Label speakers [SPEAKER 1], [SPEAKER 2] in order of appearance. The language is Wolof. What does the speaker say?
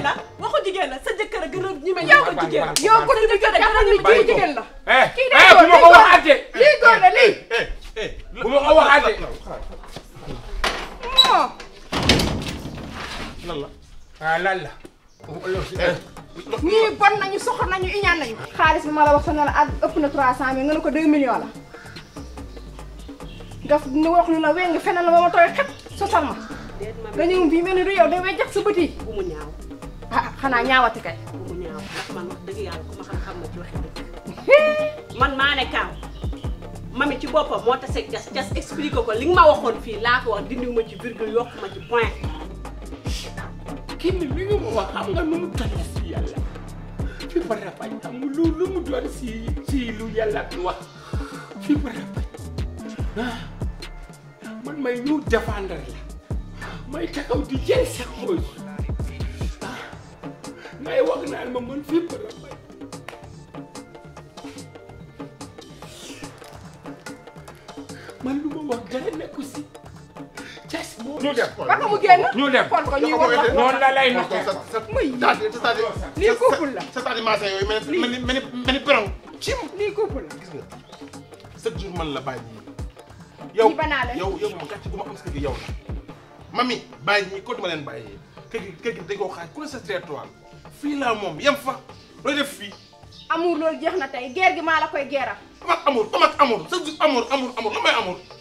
[SPEAKER 1] jigéen la waxu jigéen la sa jëkkër a gën a ñi ma yow ko jigéen la yow a ñi kii jigéen la eh, kii eh, de góor bu ma ko waxaatee lii góor la lii eh, bu ma ko waxaatee ah, nañu iñaan nañu xaalis bi ma la wax sa ne la ak ëpp na trois cent mille nga ne ko deux millions la daf nu wax nu la wéy nga feneen la ba ma tooy xet sosal ma nga ñëw bii mel ni du yow wejjax sa bët yi ah xanaa ñaawati kay. man wax dëgg yàlla ku ma xam-xam na ci waxi dëgg. man maa ne Kaaw mami ci boppam moo tax jas jas expliqué ko li nga ma waxoon fii laa ko wax dindiw ma ci virgule yokk ma ci point. kii bi ngi ma wax xam nga nu mu tënk si yàlla fi ba ah, man may ñu défendre la may taxaw di jël sax mooy. ma mën fépp la mbay man lu ma wax dara nekku si cas boo ñu dem ba nga mu génn ñu dem kon ko ñuy wax noonu la lay noté muy lii couple la c'est-à-dire maasa yooyu mel ni mel ni mel ni perong ci lii couple la gis nga chaque jour man la bàyyi yow yow yow ma gàcce gu ma am si yow la mami bàyyi ñi ko duma leen bàyyi kër gi kër gi dañ koo xaaj ku ne sa territoire fii laa moom yem fa looy def fii. amour loolu jeex na tey geer gi maa la koy geeral. amat amour amat amour sa jur amour amour amour lan mooy amour.